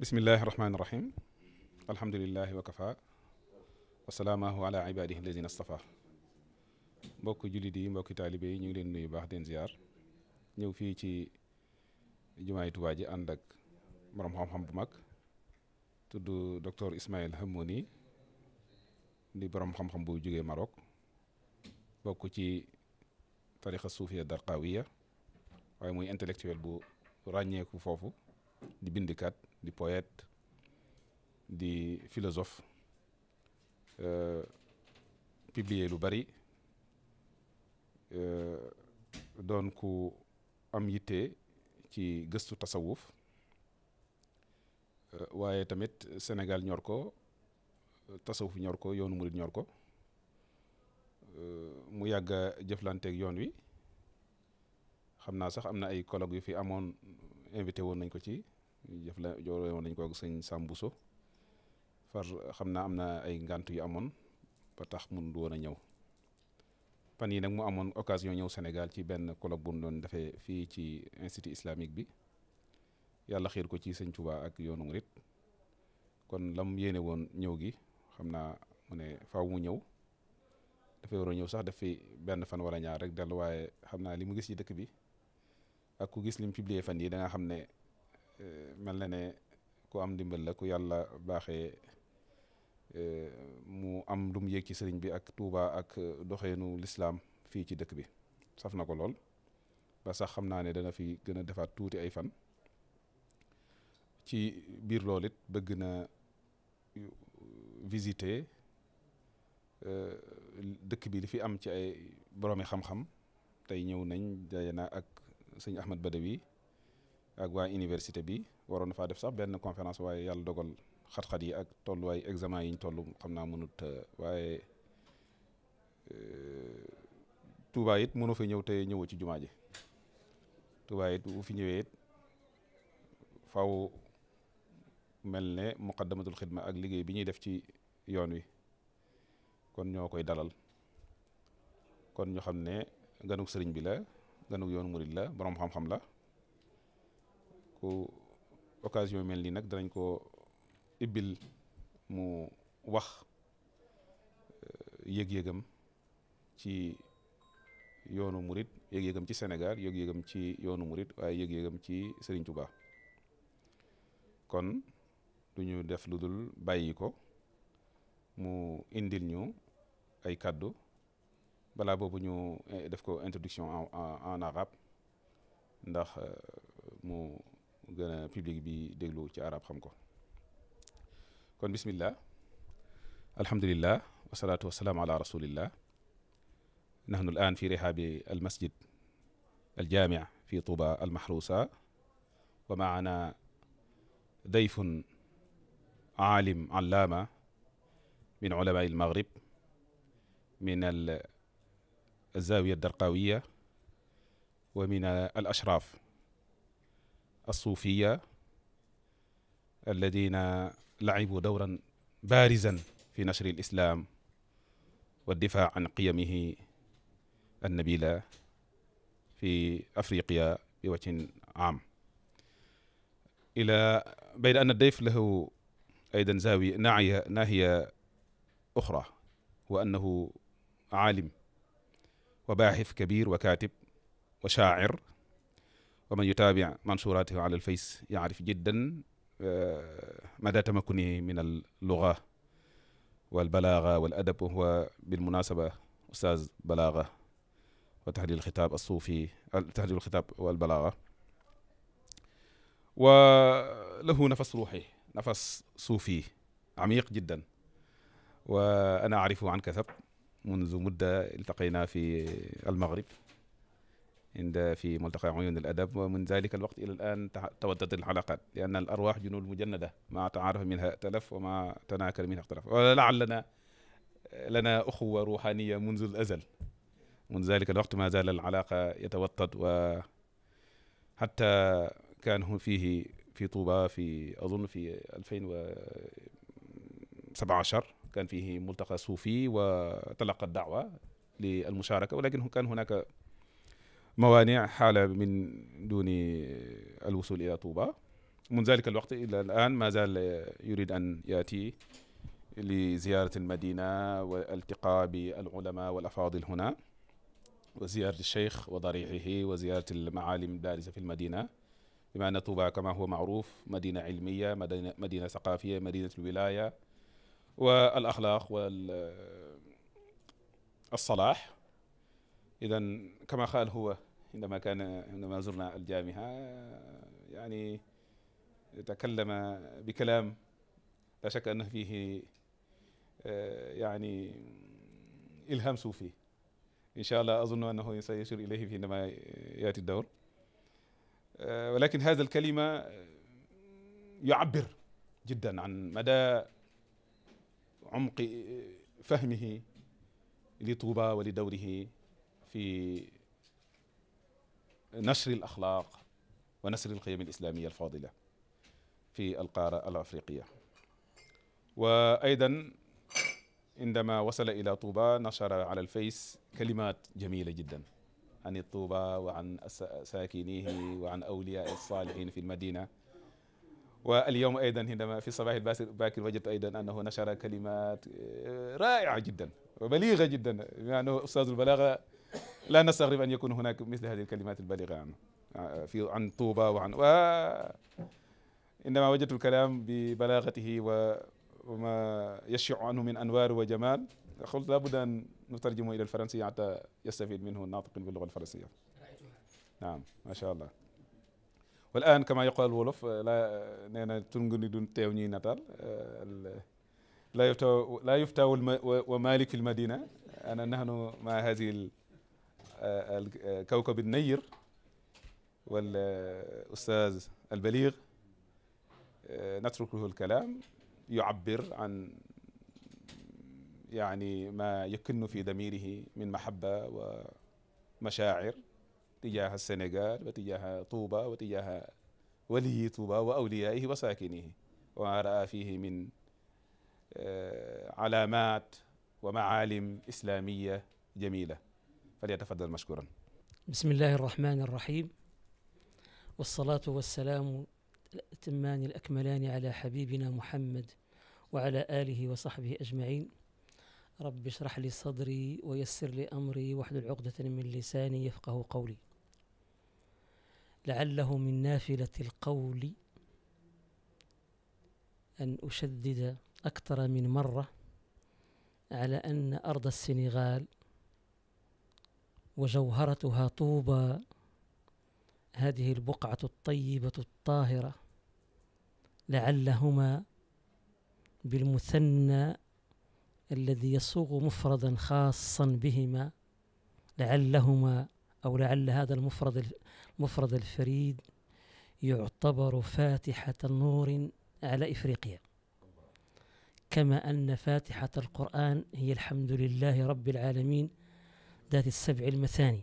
bismillahi rahmaani rahim wa kafa wasalaamaahu ala ibadihi alladina astafa mbokk jullit yi mbokki taalibe yi ñu ngi leen nuyu baax den ziar ñëw fii ci jumaay Tuubaa ji ànd ak borom xam-xam bu mag tudd docteur Ismaïl Hamouni di borom xam-xam bu jógee Maroc bokk ci tariqa suufiya darqawiya waaye muy intellectuel bu ràññeeku foofu di bindikat di poète di philosophe euh, publier lu bari euh, doon ku am yitte ci gëstu tasawuf euh, waaye tamit Sénégal ñor ko tasawuf ñor ko yoonu murid ñor ko mu yàgg a jëflanteeg yoon wi xam naa sax am na ay colloque yu fi amoon invité woon nañ ko ci jëf la joole woon nañ ko ak sëñ Sambuso far xam naa am na ay ngant yu amoon ba tax mun woon a ñëw fan yi nag mu amoon occasion ñëw Sénégal ci benn colloque bu doon defee fii ci institut islamique bi yàlla xiir ko ci sëñ Touba ak yoonu kon lam yéene woon ñëw gi xam naa mu ne faaw mu ñëw dafay war ñëw sax def fi benn fan wala ñaar rek dellu waaye xam naa li mu gis ci dëkk bi ak ku gis li mu fan yi da xam ne Eh, mel na ne ku am ndimbal la ku yàlla baaxee eh, mu am lu mu ci sëriñ bi ak Touba ak doxeenu lislaam fii ci dëkk bi saf na ko lool ba sax xam naa ne dana fi gën a defaat tuuti ay fan ci biir loolu it bëgg na visiter eh, dëkk bi li fi am ci ay boromi xam-xam tey ñëw nañ daje na ak sëñ Ahmad Badawi ak waa université bi waroon na faa def sax benn conférence waaye yàlla dogal xat-xat yi ak tolluwaay examen yi ñu toll xam naa mënut euh, waaye euh, Touba it fa ñëw te ñëwoo ci jumaa ji Touba it bu fi ñëwee faw mel ne muqaddamatul xidma ak liggéey bi ñuy def ci yoon wi kon ñoo koy dalal kon ñu xam ne ganug sëriñ bi la ganug yoonu murid la boroom xam-xam la. occasion mel nii nag danañ ko ibbil mu wax euh, yëg-yëgam ci yoonu murit yëg-yëgam ci senegal yëg-yëgam ci yoonu murit waaye yëg-yëgam ci Serigne Touba kon du ñu def lu dul bàyyi ko mu indil ñu ay kàddu balaa boobu ñu eh, def ko introduction en en ndax euh, mu. gën a public bi déglu ci arab xam ko kon bismillah alhamdulillah wasalaatu wasalaamu ala rasulillah nahnu al aan fi rihaabi al masjid al jaamia fi tuba al mahrusa wa maana dayfun aalim allaama min ulama al maghrib min al zaawiya ad darqawiya wa min al ashraaf الصوفية الذين لعبوا دورا بارزا في نشر الإسلام والدفاع عن قيمه النبيلة في أفريقيا بوجه عام إلى بين أن الضيف له أيضا زاوية ناعية ناهية أخرى وأنه عالم وباحث كبير وكاتب وشاعر wa man yutaabi mansuratihi ala alfays yaarif jiddan mada tamakkuni min al luga wal balaaga wal adab wa huwa bil munasaba ustaaz balaaga wa tahdil xitaab assuufi tahdil xitaab wal balaaga wa lahu nafas ruuxi nafas suufi amiq jiddan wa ana aarifu an kasab منذ مدة التقينا في المغرب عند في ملتقى عيون الأدب ومن ذلك الوقت إلى الآن تودت الحلقات لأن الأرواح جنود مجندة ما تعارف منها ائتلف وما تناكر منها اختلف ولعلنا لنا أخوة روحانية منذ الأزل منذ ذلك الوقت ما زال العلاقة يتوطد وحتى كان فيه في طوبى في أظن في 2017 كان فيه ملتقى صوفي وتلقى الدعوة للمشاركة ولكن كان هناك mawaani xaala min duni alwusul ila Touba min zalika alwaqt ila alaan ma zal yurid an yaati li ziyarati almadina wa altiqa bi alulama wal afadil huna wa ziyarati alcheikh wa darixihi wa ziyarati almaalim daarisa fi almadina bima anna Touba kama huwa maaruf madina ilmiya madina madina saqafiya madinatu alwilaya wa al axlaq wa al salaax idan kama qaal huwa عندما كان عندما زرنا الجامعة يعني تكلم بكلام لا شك أنه فيه يعني إلهام صوفي إن شاء الله أظن أنه سيشير إليه حينما يأتي الدور ولكن هذا الكلمة يعبر جدا عن مدى عمق فهمه لطوبى ولدوره في nasri al axlaaq wa nasri al qiyam al islamiyya al fadila fi al qaara al afriqiya wa aydan indama wasala ila tuuba nashara ala al fays kalimat jamila jiddan an tuuba wa an saakinihi wa an awliyaa saalihin fi lmadina واليوم ايضا عندما في صباح الباكر باكر وجدت ايضا انه نشر كلمات رائعه جدا وبليغه جدا يعني استاذ البلاغه la nastagrib an yakuna hunaka misle hadi alkalimat albaliga an fi an tuuba wa an wa innama wajadtu alkalam bi balagatihi wa ma yashiu anhu min anwar wa jamal qult la budda an nutarjimo ila alfaransiya hatta yastafid minhu natiqin billuga alfaransiya naam ma sha allah wal an kama yaqal wolof la nee na tungni dun teew ñuy nataal la yufta la yufta wa malik fi almadina ana nahnu ma hadihi كوكب النير والأستاذ البليغ نتركه الكلام يعبر عن يعني ما يكن في ضميره من محبة ومشاعر تجاه السنغال وتجاه طوبى وتجاه ولي طوبى وأوليائه وساكنيه وما رأى فيه من علامات ومعالم إسلامية جميلة فليتفضل مشكورا بسم الله الرحمن الرحيم والصلاة والسلام الأتمان الأكملان على حبيبنا محمد وعلى آله وصحبه أجمعين رب اشرح لي صدري ويسر لي أمري واحلل عقدة من لساني يفقه قولي لعله من نافلة القول أن أشدد أكثر من مرة على أن أرض السنغال وجوهرتها طوبى هذه البقعة الطيبة الطاهرة لعلهما بالمثنى الذي يصوغ مفردا خاصا بهما لعلهما أو لعل هذا المفرد المفرد الفريد يعتبر فاتحة نور على إفريقيا كما أن فاتحة القرآن هي الحمد لله رب العالمين ذات السبع المثاني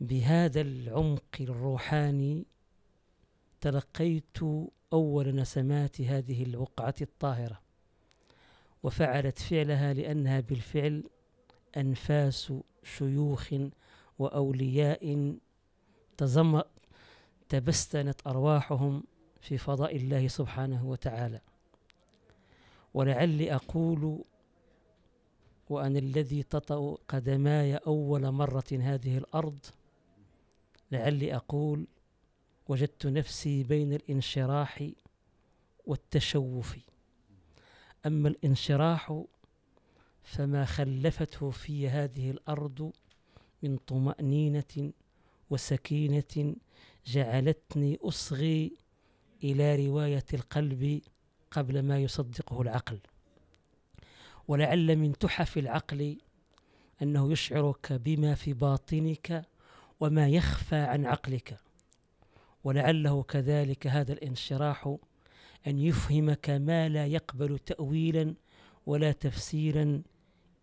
بهذا العمق الروحاني تلقيت أول نسمات هذه الوقعة الطاهرة وفعلت فعلها لأنها بالفعل أنفاس شيوخ وأولياء تزم تبستنت أرواحهم في فضاء الله سبحانه وتعالى ولعلي أقول وأنا الذي تطأ قدماي أول مرة هذه الأرض لعلي أقول وجدت نفسي بين الانشراح والتشوف أما الانشراح فما خلفته في هذه الأرض من طمأنينة وسكينة جعلتني أصغي إلى رواية القلب قبل ما يصدقه العقل ولعل من تحف العقل انه يشعرك بما في باطنك وما يخفى عن عقلك ولعله كذلك هذا الانشراح ان يفهمك ما لا يقبل تاويلا ولا تفسيرا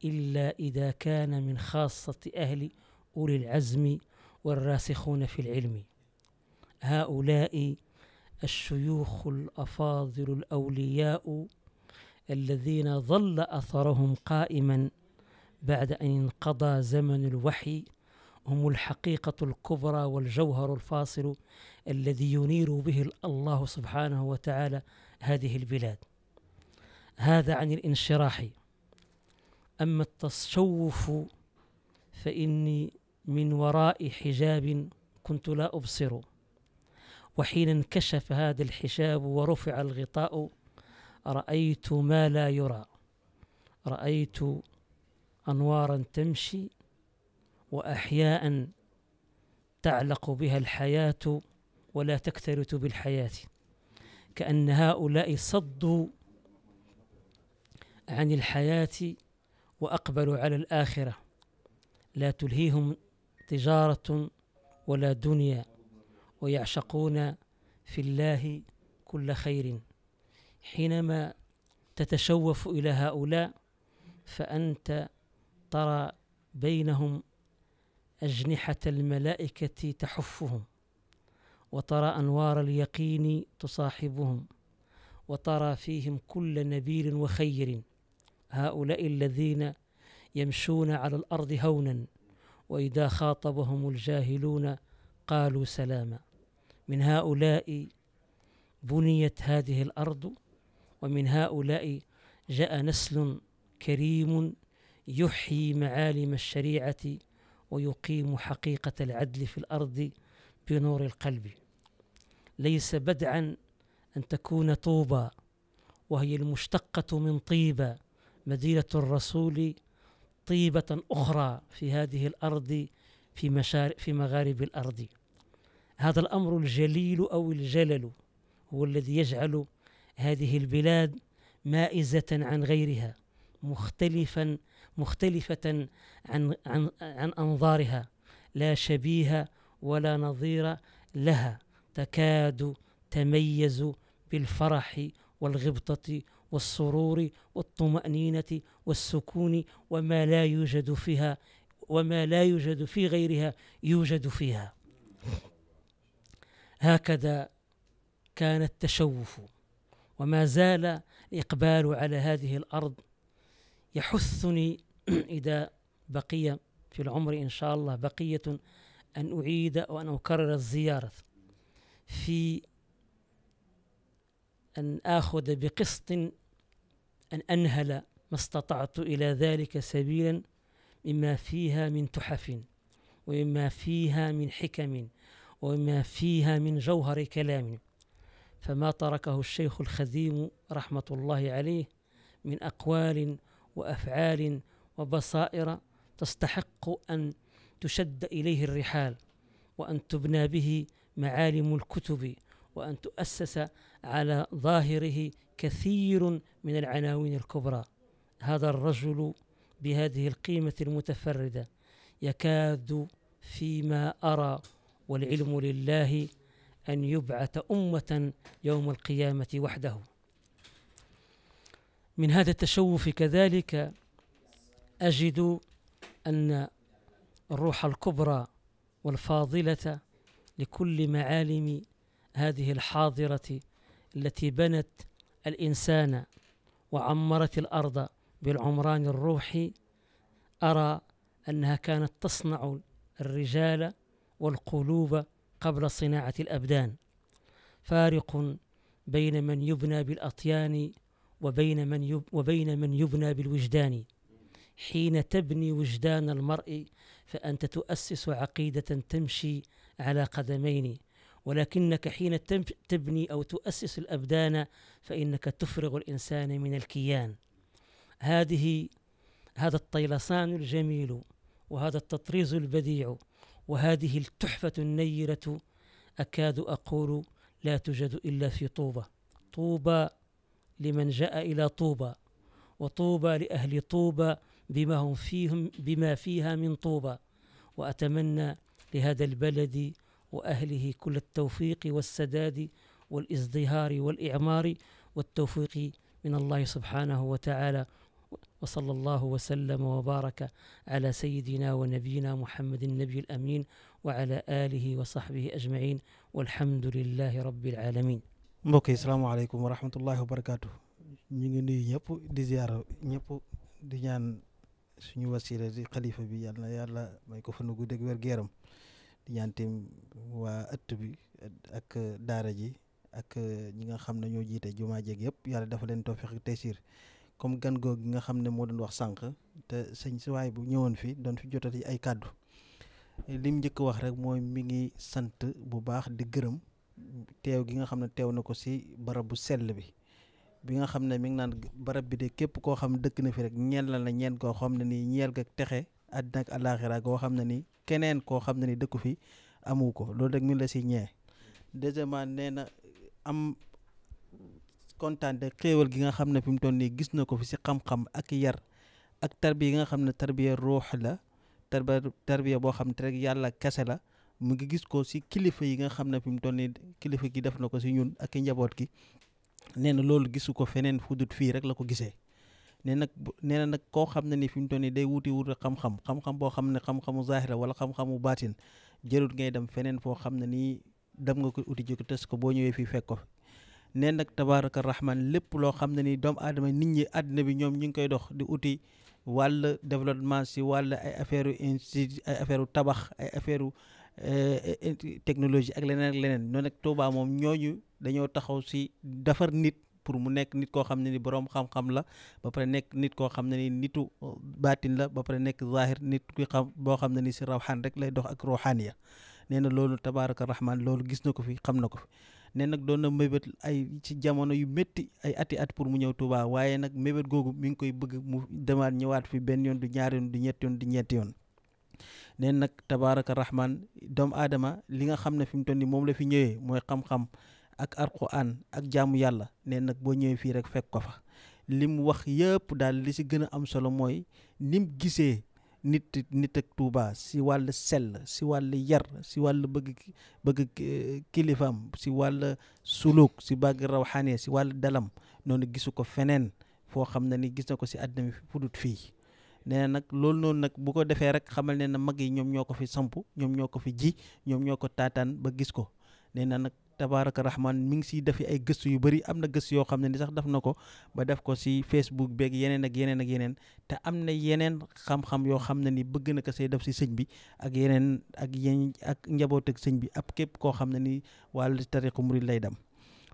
الا اذا كان من خاصه اهل اولي العزم والراسخون في العلم هؤلاء الشيوخ الافاضل الاولياء الذين ظل أثرهم قائما بعد أن انقضى زمن الوحي هم الحقيقة الكبرى والجوهر الفاصل الذي ينير به الله سبحانه وتعالى هذه البلاد هذا عن الانشراح أما التشوف فإني من وراء حجاب كنت لا أبصر وحين انكشف هذا الحجاب ورفع الغطاء رأيت ما لا يرى رأيت أنوارا تمشي وأحياء تعلق بها الحياة ولا تكترث بالحياة كأن هؤلاء صدوا عن الحياة وأقبلوا على الآخرة لا تلهيهم تجارة ولا دنيا ويعشقون في الله كل خير حينما تتشوف الى هؤلاء فانت ترى بينهم اجنحه الملائكه تحفهم وترى انوار اليقين تصاحبهم وترى فيهم كل نبيل وخير هؤلاء الذين يمشون على الارض هونا واذا خاطبهم الجاهلون قالوا سلاما من هؤلاء بنيت هذه الارض ومن هؤلاء جاء نسل كريم يحيي معالم الشريعة ويقيم حقيقة العدل في الأرض بنور القلب ليس بدعا أن تكون طوبى وهي المشتقة من طيبة مدينة الرسول طيبة أخرى في هذه الأرض في, مشار في مغارب الأرض هذا الأمر الجليل أو الجلل هو الذي يجعل هذه البلاد مائزة عن غيرها مختلفا مختلفة عن عن عن أنظارها لا شبيه ولا نظير لها تكاد تميز بالفرح والغبطة والسرور والطمأنينة والسكون وما لا يوجد فيها وما لا يوجد في غيرها يوجد فيها هكذا كان التشوف وما زال الإقبال على هذه الأرض يحثني إذا بقي في العمر إن شاء الله بقية أن أعيد وأن أكرر الزيارة في أن آخذ بقسط أن أنهل ما استطعت إلى ذلك سبيلا مما فيها من تحف ومما فيها من حكم ومما فيها من جوهر كلام فما تركه الشيخ الخذيم رحمة الله عليه من أقوال وأفعال وبصائر تستحق أن تشد إليه الرحال وأن تبنى به معالم الكتب وأن تؤسس على ظاهره كثير من العناوين الكبرى هذا الرجل بهذه القيمة المتفردة يكاد فيما أرى والعلم لله أن يبعث أمة يوم القيامة وحده من هذا التشوف كذلك أجد أن الروح الكبرى والفاضلة لكل معالم هذه الحاضرة التي بنت الإنسان وعمرت الأرض بالعمران الروحي أرى أنها كانت تصنع الرجال والقلوب قبل صناعة الأبدان فارق بين من يبنى بالأطيان وبين من يب وبين من يبنى بالوجدان حين تبني وجدان المرء فأنت تؤسس عقيدة تمشي على قدمين ولكنك حين تبني أو تؤسس الأبدان فإنك تفرغ الإنسان من الكيان هذه هذا الطيلسان الجميل وهذا التطريز البديع وهذه التحفة النيرة أكاد أقول لا توجد إلا في طوبى طوبى لمن جاء إلى طوبى وطوبى لأهل طوبى بما هم فيهم بما فيها من طوبى وأتمنى لهذا البلد وأهله كل التوفيق والسداد والازدهار والإعمار والتوفيق من الله سبحانه وتعالى وصلى الله وسلم وبارك على سيدنا ونبينا محمد النبي الامين وعلى اله وصحبه اجمعين والحمد لله salaamaaleykum wa rahmatullahi wa barakaatu ñu ngi nuyu di ziyaara ñëpp di ñaan suñu bi yàlla na may ko fanu gudd ak wér géeram di ñaan tim waa ëtt bi ak daara ji ak ñi nga xam ne ñoo jiite jumaa jeeg yëpp dafa leen tawfiq ak comme gan googu nga xam ne moo doon wax sànq te sëñ si waay bu ñëwoon fi doon fi jotati ay kàddu lim njëkk wax rek mooy mi ngi sant bu baax di gërëm teew gi nga xam ne teew na ko si barab bu sell bi bi nga xam ne mi ngi naan barab bi de képp koo xam dëkk na fi rek ñeel na la ñeen koo xam ne ni ñeel ga texe àddina ak àllaaxira koo xam ne ni keneen koo xam ne ni dëkku fi amu ko loolu rek mi la si ñee deuxièmement nee na am kontaan te xéewal gi nga xam ne fi mu toll nii gis na ko fi si xam-xam ak yar ak tarbiya nga xam ne tarbiya ruux la tarbiya tarbiya boo xam te rek yàlla kese la mu ngi gis ko si kilifa yi nga xam ne fi mu toll nii kilifa gi def na ko si ñun ak njaboot gi nee na loolu gisu ko feneen fu dut fii rek la ko gisee. nee nag nee na nag koo xam ne ni fi mu toll nii day wuti wuti xam-xam xam-xam boo xam ne xam-xamu zaahira wala xam-xamu baatin jërut ngay dem feneen foo xam ne nii dem nga ko uti ji ko ko boo ñëwee fii fekk neen nag tabaaraka rahman lépp loo xam ne ni doomu aadama nit ñi àddina bi ñoom ñu ngi koy dox di uti walla développement si wàll ay affaire u ay affaire u tabax ay affaire u eh, eh, technologie ak leneen ak leneen noonu nag Touba moom ñooñu dañoo taxaw si defar nit pour mu nekk nit koo xam ne ni boroom xam la ba pare nekk nit koo xam ne nitu uh, baatin la ba pare nekk zahir nit ku xam boo xam ne ni si rek lay dox ak ruuxaaniya nee na loolu tabaaraka rahman loolu gis na ko fi xam na ko fi ne nag doon na mébét ay ci jamono yu métti ay ati at pour mu ñëw Touba waaye nag mébét googu mi ngi koy bëgg mu demaat ñëwaat fi benn yoon du ñaari yoon du ñetti yoon du ñetti yoon. neen nag tabaaraka rahman doomu aadama li nga xam ne fi mu toll nii moom la fi ñëwee mooy xam-xam ak alxuraan ak jaamu yàlla neen nag boo ñëwee fii rek fekk ko fa. lim wax yépp daal li si gën a am solo mooy nim gisee. nit nit ak Touba si wàll sell si wàll yar si wàll bëgg bëgg kilifaam si wàll suluk si bàgg rawxaane si wàll dalam noonu gisu ko feneen foo xam ne ni gis na ko si àddina bi fudut fii nee nag loolu noonu nag bu ko defee rek xamal ne mag yi ñoom ñoo ko fi samp ñoom ñoo ko fi ji ñoom ñoo ko taataan ba gis ko nee nag tabaaraka rahman mi ngi siy defi ay gëstu yu bëri am na gëstu yoo xam ne ni sax def na ko ba def ko si Facebook beeg yeneen ak yeneen ak yeneen te am na yeneen xam-xam yoo xam ne ni bëgg na ko see def si sëñ bi ak yeneen ak yéen ak njaboot ak sëñ bi ab képp koo xam ne ni wàllu tariqu murid lay dem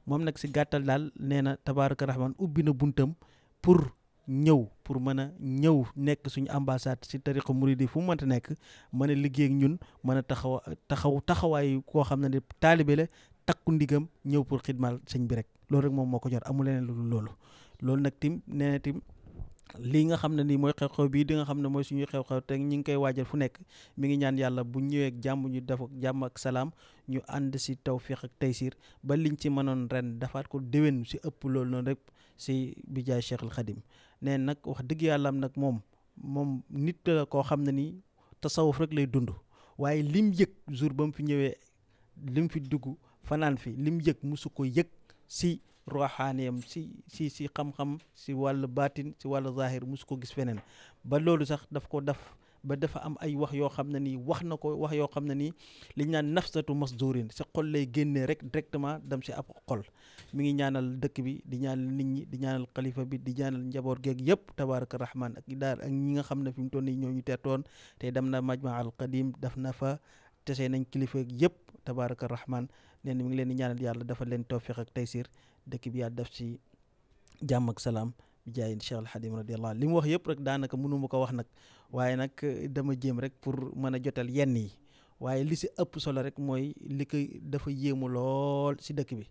moom nag si gàttal daal nee na tabaaraka rahman ubbi na buntam pour ñëw pour mën a ñëw nekk suñu ambassade si tariqa murid fu mu mënta nekk mën a liggéey ak ñun mën a taxaw taxaw taxawaayu koo xam ne ne taalibe la takku ndigam ñëw pour xidmaal sëñ bi rek loolu rek moom moo ko jot amu leneen lu dul loolu loolu nag tim nee tim lii nga xam ne nii mooy xew-xew bii di nga xam ne mooy suñuy xew-xew te ñu ngi koy waajal fu nekk mu ngi ñaan yàlla bu ñëwee ak jàmm ñu def ak jàmm ak salaam ñu ànd si tawfiq ak tey taysir ba liñ ci mënoon ren defaat ko déwén si ëpp loolu noonu rek si bi jaay Cheikhul Khadim nee nag wax dëgg yàlla am nag moom moom nit koo xam ne nii tasawuf rek lay dund waaye lim yëg jour fanaan fi lim yëg musu ko yëg si ruuxaaniyam si si si xam-xam si wàllu baatin si wàllu zahir musu ko gis feneen ba loolu sax daf ko def ba dafa am ay wax yoo xam ne nii wax na ko wax yoo xam ne nii li ñu naan nafsatu masdurin sa xol lay génnee rek directement dem si ab xol mu ngi ñaanal dëkk bi di ñaanal nit ñi di ñaanal kalifa bi di ñaanal njaboot geeg yëpp tabaraka rahman ak daar ak ñi nga xam ne fi mu toll nii ñoo ñu teetoon te dem na majma al qadim daf na fa tesee nañ kilifa yëpp tabaraka rahman leen mi ngi leen di ñaanal yàlla dafa leen tawfiq ak taysir dëkk bi yàlla def si jàmm ak salaam bi jaay Cheikh Al Xadim li mu wax yëpp rek daanaka mënu ma ko wax nag waaye nag eh, dama jéem rek pour mën a jotal yenn yi waaye li si ëpp solo rek mooy li ko dafa yéemu lool si dëkk bi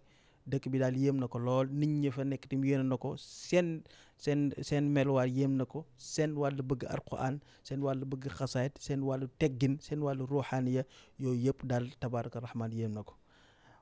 dëkk bi daal yéem na ko lool nit ñi fa nekk tim yéen na ko seen seen seen meluwaay yéem na ko seen wàll bëgg alquran seen wàll bëgg xasaayit seen wàllu teggin seen wàllu ruuxaaniya yooyu yëpp daal tabaaraka rahmaan yéem na ko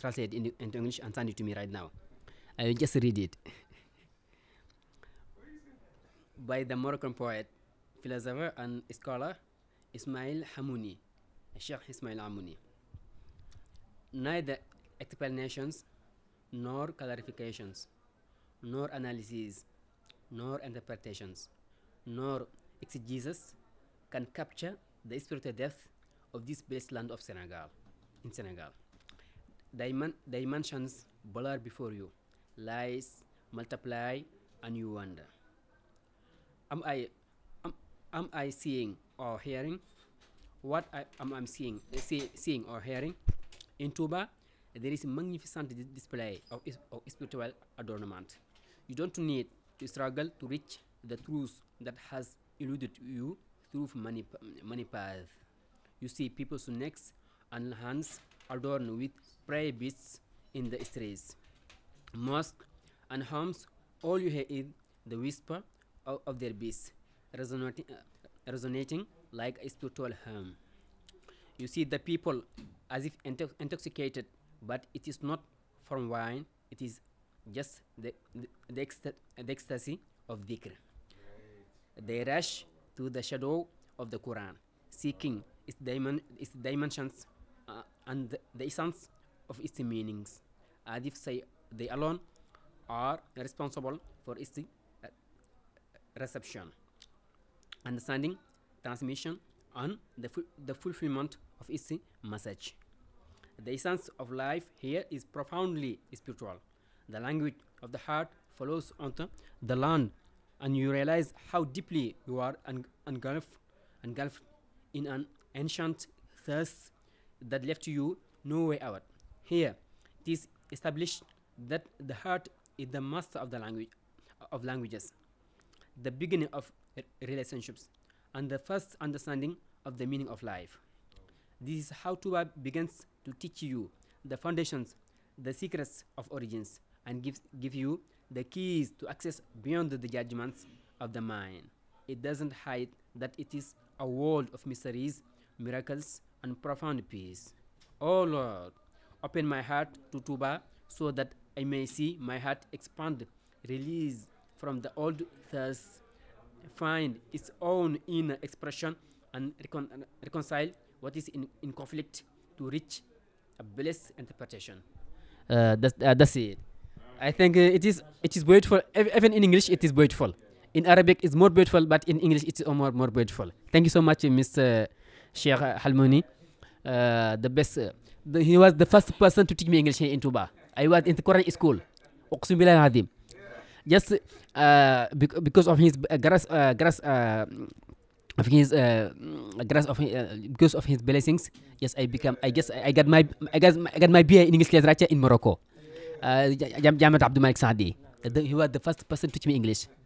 translate into, into English and send it to me right now. I will just read it. By the Moroccan poet, philosopher, and scholar Ismail Hamouni, Sheikh Ismail Hamouni. Neither explanations, nor clarifications, nor analyses, nor interpretations, nor exegesis can capture the spiritual depth of this blessed land of Senegal. they, man, they mentions blur before you lies multiply and you wonder am i am, am i seeing or hearing what I, am i seeing see, seeing or hearing in tuba there is a magnificent display of, spiritual adornment you don't need to struggle to reach the truth that has eluded you through many, many you see people's necks and hands adorned with prayer beads in the streets. Mosques and homes, all you hear is the whisper of, their beads, uh, resonating, like a spiritual hymn. You see the people as if intoxicated, but it is not from wine, it is just the, ecstasy of the Quran, seeking its dimensions and the essence of its meanings, as if say, they alone are responsible for its uh, reception, understanding, transmission, and the, fu of its message. The essence of life here is profoundly spiritual. The language of the heart follows onto the land, and you realize how deeply you are engulfed, in an ancient that left you no way out. Here, it established that the heart is the master of languages, the beginning of relationships, and the first understanding of the meaning of life. This is how Tuba begins to teach you the foundations, the secrets of origins, and give you the keys to access beyond the judgments of the mind. It doesn't hide that it is a world of mysteries, miracles, profound peace. oh Lord, open my heart to Tuba so that I may see my heart expand, release from the old thirst, find its own inner expression, and reconcile what is in, conflict to reach a blessed interpretation. Uh, that's, uh, that's it. I think uh, it is it beautiful. Even in English, it is beautiful. In Arabic, it's more beautiful, but in English, it's more more beautiful. Thank you so much, uh, Sheikh Halmoni, uh, the best, the, he was the first person to teach me English in Tuba. I was in the Quran school, Uqsum Bilal Just because of his blessings, I become. got my I in English literature in Morocco. Uh, Abdul Malik Saadi. He was the first person to teach me English.